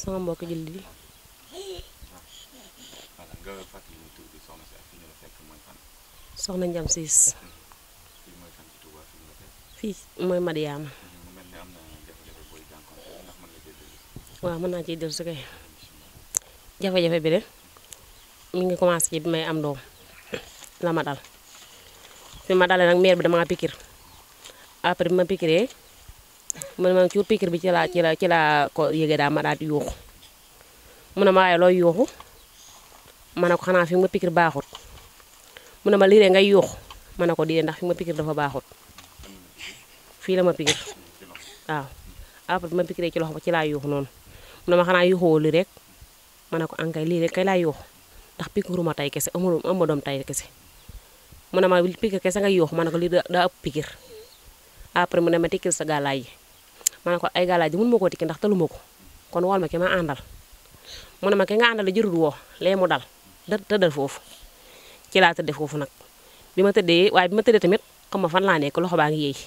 sama mbokk jullit yi. soxna Ndiam Ciss. Mm-hmm. fii mooy Madiyaama. Mm-hmm. waa mën naa ciy dellu si kay. jafe-jafe bi de mu ngi commencé ci bi may am doom la ma dal fi ma dalee nag mère bi damaa pikir après bi ma pikiree. man ma cuur pikir bi ci laa ci la ci laa ko yëgee daal ma daal di yuuxu mu ma waaye looy yuuxu ma ne ko xanaa fi ma pikir baaxut mu ma lii ngay yuuxu ma ne ko di ndax fi dafa baaxut fii la ma pikir ma pikiree ci loxo ba ci laa yuuxu noonu mu ne ma xanaa yuuxuwoo lii rek ma ne ko ankay lii rek kay laa yuuxu ndax pikiruma tey kese amul amul doom tey kese mu ne ma pikir kese nga yuuxu man na ko lii daa ëpp pikir après mu ne ma tekkil sa gàllaay yi ma ko ay galaaj mun ma koo tikki ndax taluma ko kon wool ma ki ma àndal mu ne ma ki nga àndal jërul woo lee mu dal tëddal foofu ci laa tëddee foofu nag bi ma tëddee waaye bi ma tëddee tamit xam fan laa nekk loxo baa ngi yéey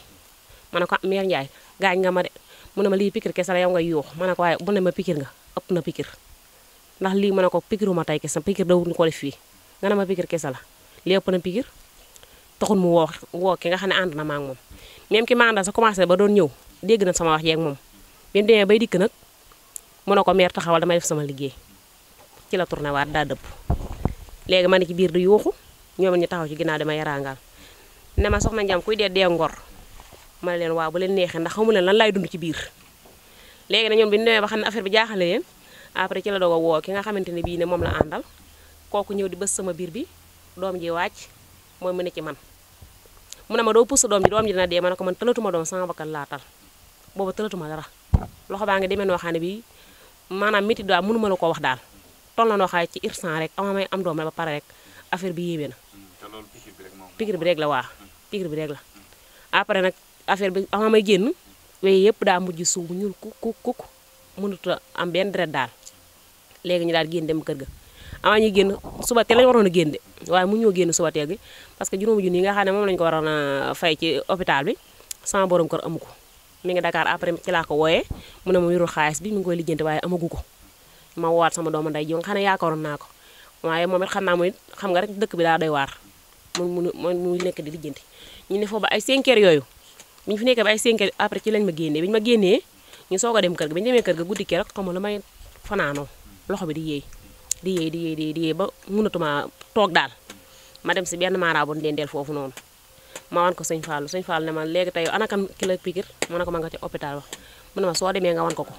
ne ko ah, meer Njaay gaañ nga ma de mu ne ma lii pikir kese la yow nga yuux ma ne ko waaye bu ne ma pikir nga ëpp na pikir ndax lii ma ne ko pikiruma tey kese pikir dawul ko def fii nga ne ma pikir kese la lii ëpp na pikir taxul mu woo woo ki nga xam ne ànd na ma ak moom sa commencé ba doon ñëw dégg na sama wax yeeg bay dikk nag mu ne ko meer taxawal damay def sama liggéey ci la tourné waat daa dëpp léegi ma ne ci biir di yuuxu ñoom taxaw ci ginnaaw dama yaraangal ne ma soxna Ndiame kuy dee dee ngor ma leen waaw bu leen neexee ndax xamu leen lan laay dund ci biir léegi na ñoom bi ñu demee ba ne affaire bi jaaxale leen après ci la doog woo ki xamante ne bii ne moom la àndal kooku ñëw di bës sama biir bi doom ji wàcc mooy mu ne ci man mu ma doo pousse doom ji doom ji dina dee ma ne ko man tëlatuma doom sama bakkan laa tal booba tëlatuma dara loxo baa ngi demee noo xam ne bii maanaam métti daal mënuma la koo wax daal toll na noo xam ci irsan rek ama may am doom la ba pare rek affaire bi yéeme na. te loolu piqûre bi rek la waa mm. piqûre bi rek la après nag affaire bi ama may génn waaye yëpp daa mujj suuf bu ñuul kuk kuk am benn daal léegi ñu daal génn dem kër ga ama ñuy génn suba te lañu waroon a génn waaye mu ñoo génn suba teel gi parce que juróomi junni yi nga xam ne moom lañu ko waroon a fay ci hôpital bi sama borom kër amu ko mi ngi Dakar après ci laa ko wooyee mu ne ma yorul xaalis bi mi ngi koy lijjanti waaye amagu ko ma woowaat sama doomu nday ji nga xam naa ko waaye moom it naa mooy xam rek dëkk bi daa doy waar mu mu mu nekk di lijjanti ñu ne foofu ba ay yooyu ñu fi nekkee ay 5 après ci lañ ma génnee bi ñu ma génnee ñu soog a dem kër ga bi ñu demee kër ga guddi keroog xam nga lu may fanaanoo loxo bi di yéey di yéey di yéey di yéey ba mënatuma toog daal ma dem si benn maaraabu ndendeel foofu noonu ma wan ko sëñ Fallou sëñ Fallou ne ma léegi tey ana kan ki la pikir mu ne ko ma nga ca hôpital wax soo demee nga wan ko ko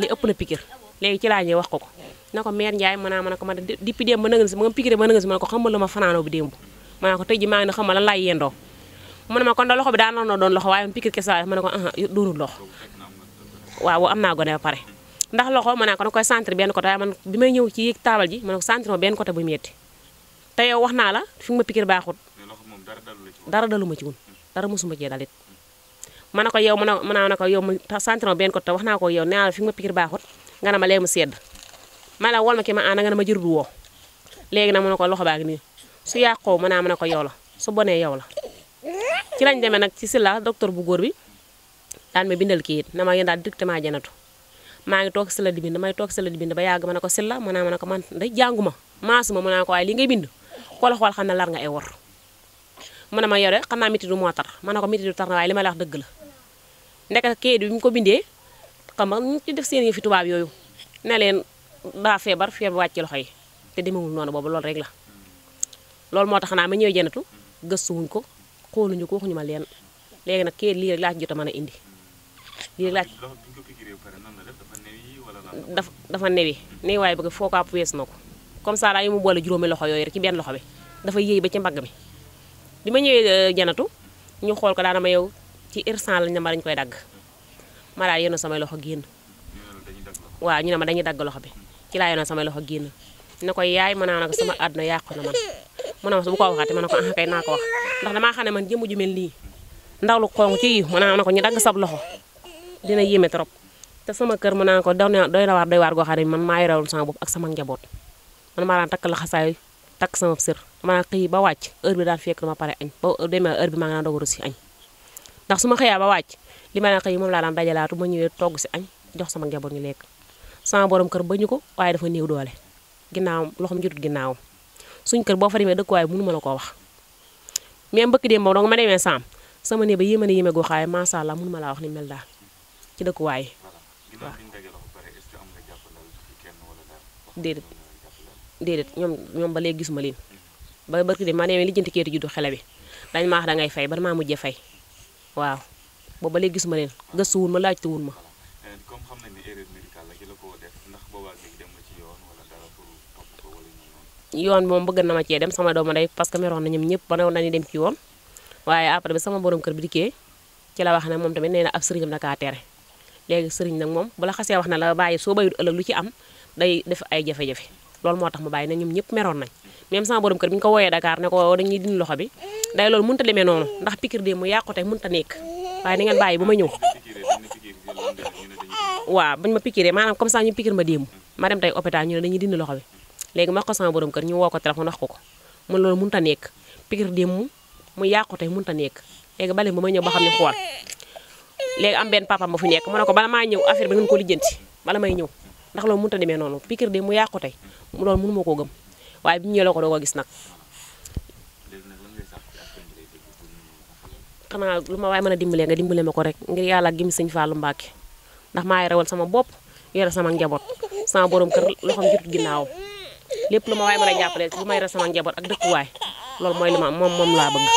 li ëpp na pikir léegi ci laa wax ko ko na ko mère naa mën a ko ma depuis démb na nga si ma nga pikiré ma na nga si ma ne ko xamal la ma fanaanoo bi démb ma ne ko tey ji maa ngi ne xamal lan laay ma kon loxo bi daan doon loxo waaye pikir ma ne ko ah loxo waaw am naa gone ba pare ndax loxo ma naa ko na koy centre benn côté waaye man bi may ñëw ci taabal ji ma ne ko centre ma benn côté bu metti te yow wax naa la fi ma pikir baaxut dara dalu ma ci woon dara mosuma cee dalit ma na ko yow ma ne ma na ko yow ma centre ma benn côté wax naa ko yow nee naa la fi ma pikir baaxut nga ne ma ma la wol ma ki ma ànd nga ne ma jërul woo léegi nag ma ne ko loxo baa ngi nii su yàqoo ma naa ma ne ko yow la su bonee yow la ci lañ demee nag ci silla docteur bu góor bi daan ma bindal kii it na ma yéen daal directement janatu maa ngi toog si la di bind damay toog si la di bind ba yàgg ma ne ko si la ma naa ma ne ko man de jàngu ma maasuma ma naa ko waaye li ngay bind ko la xool xam ne lar nga ay wor mu na ma yore xam naa miti du moo tar ma ne ko miti du tar waaye li ma la wax dëgg la ndeket kayit bi mu ko bindee xam nga ñu ci def seen yëfi tubaab yooyu ne leen daa feebar feebar wàcc ci loxo yi te demewul noonu boobu loolu rek la loolu moo tax naa ma ñëwee jenatu gëstuwuñ ko xooluñu ko waxuñu ma leen léegi nag kayit laa ci mën a indi laa dafa dafa newi nii waaye bëgg foo ko àpp ma ko comme ça daa yi mu boole juróomi loxo yooyu rek ci benn loxo bi dafa yéey ba ci mbagg mi bi ma ñëwee euh, janatu ñu xool ko daana ma yow ci irsan lañ ne ma dañ koy dagg ma daal yéen samay loxo génn waaw ñu ne ma dañuy dagg loxo bi ci laa yéen samay loxo génn ne ko yaay ma naa ko sama àdduna yàqu na man mu na ma su bu ko waxaatee ma na ko ah kay ne man jëmu ju mel nii ndaw lu xonq ci yi ma naa ko ñu dagg sab loxo dina yéeme trop. te sama kër mën naa koo doy na doy na waar doy waar goo xam ne man maa yorewul sama bopp ak sama njaboot man maa daan takk laxasaay takk sama sër maa xëy ba wàcc heure bi daan fekk dama pare añ ba demee maa ngi daan doog a rusi añ ndax su ma ba wàcc li ma daan xëy moom laa dajalaatu ma ñëwee togg si añ jox sama njaboot ñu lekk sama borom kër bañu ko waaye dafa néew doole ginnaawam loxoom jotut ginnaawam suñ kër boo fa demee dëkkuwaay mënu ma la koo wax mais mbëkk dem boobu dong ma demee saam sama ne ba yéeme na yéeme goo xaaye macha allah mënu ma laa wax ni mel daal ci dëkkuwaay déedéet déedéet ñoom ñoom ba léegi gisuma leen mm-hmm. ba barki de maa demee lijjanti kayitu juddu xale bi dañ maa wax da ngay fay bari maa mujjee waaw boobu ba léegi gisuma leen gëstu wun ma laajte wun ma. comme xam nañ ne erreur yoon moom bëgg na ma cee dem sama doomu ma parce que meroon na ñoom ñëpp ba newoon nañu dem ci yoon waaye après bi sama borom kër bi dikkee ci la wax ne moom tamit nee na ab sëriñam da tere léegi sëriñ nag moom bu la xasee wax na la bàyyi soo bayul ëllëg lu ci am day def ay jafe-jafe loolu moo tax mu bàyyi na ñoom ñëpp meroon nañ même sama borom kër bi ñu ko wooyee Dakar ne ko dañuy dindi loolu mënut a demee noonu ndax pikir de mu yàqu te mënut a nekk waaye da ngeen bàyyi ba ma ñëw waaw bañ ma pikiree maanaam comme ça ñu pikir ma démb ma dem tey hôpital dañuy dindi loxo bi léegi ma ko sama borom kër ñu woo ko téléphone wax ko ko mun loolu mun ta nekk pikir démb mu yàqu mun ta nekk léegi bale ba ma ñëw ba xam ne xool léegi am benn papa ma fu nekk mu ne ko bala maa ñëw affaire bi ngeen ko lijjanti bala may ñëw ndax loolu mënut a demee noonu piqûre de mu yàqu tey loolu mënu ma ko gëm waaye bi ñu la ko doo ko gis nag. lu ma waaye mën dimbalee nga ko rek ngir yàlla gim sëñ Fallou Mbacke ndax maay sama bopp yore sama njaboot sama borom kër loxoom jot ginnaawam lépp lu ma waaye mën jàppale lu may yore sama njaboot ak dëkkuwaay loolu mooy li ma moom laa bëgg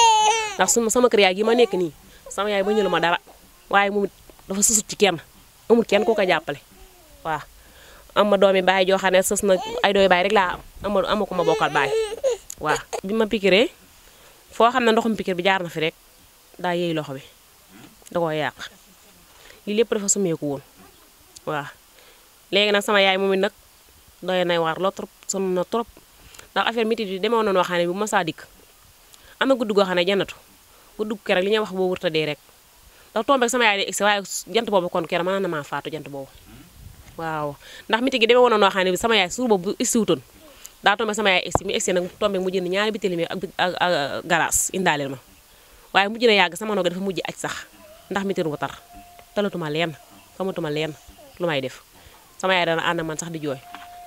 ndax sama kër yaay gi ma nekk nii sama yaay ba ñëlu ma dara waaye moom it dafa sësut ci kenn amul kenn ku ko jàppale waaw am ma doomi baay joo xam ne sës na ay doomi baay rek laa am ama ko ma bokkal baay waa bi ma pikiree foo xam ne ndoxum pikir bi jaar na fi rek daa yëy loxo bi da yàq lii lépp dafa sumeeku woon waaw léegi nag sama yaay moom it nag doy nay waar loo trop sonn na trop ndax affaire métit yi demewoon noonu waxaane bu ma dikk am na gudd xam ne janatu gudd ko rek li ñuy wax boo wërta dee rek dafa tombé sama yaay di egsi waaye jant boobu kon kenn mën na maa faatu jant boobu waaw ndax miti gi demee woon noo xam ne sama yaay suur boobu bu egsiwutoon sama yaay egsi mi egsi nag tombé mu jënd ñaari bitéeli mi ak ak galaas ma waaye mujj na yàgg sama noog dafa mujj aj sax ndax mitir bu tar talatuma leen xamatuma leen lu may def sama yaay dana ànd man sax di jooy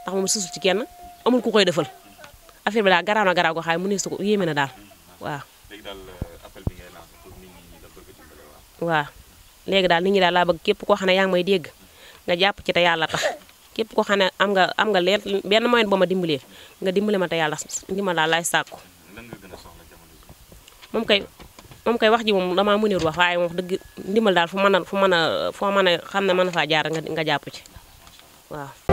ndax moom susu ci kenn amul ku koy defal affaire bi daal garaaw na garaaw goo xam ne mu ne su ko yéeme na daal léegi euh, waaw. léegi daal nit ñi daal laa bëgg képp koo xam ne yaa ngi may dégg nga jàpp ci te yàlla tax képp koo xam ne am nga am nga leen benn moyen boo ma dimbalee nga dimbale ma te yàlla ndimbal daal laay sàkku. lan nga gën moom kay moom kay wax ji moom damaa mënul wax waaye moom dëgg ndimbal daal fu mën a fu mën a foo mën a xam ne man a faa jaar nga jàpp ci waaw.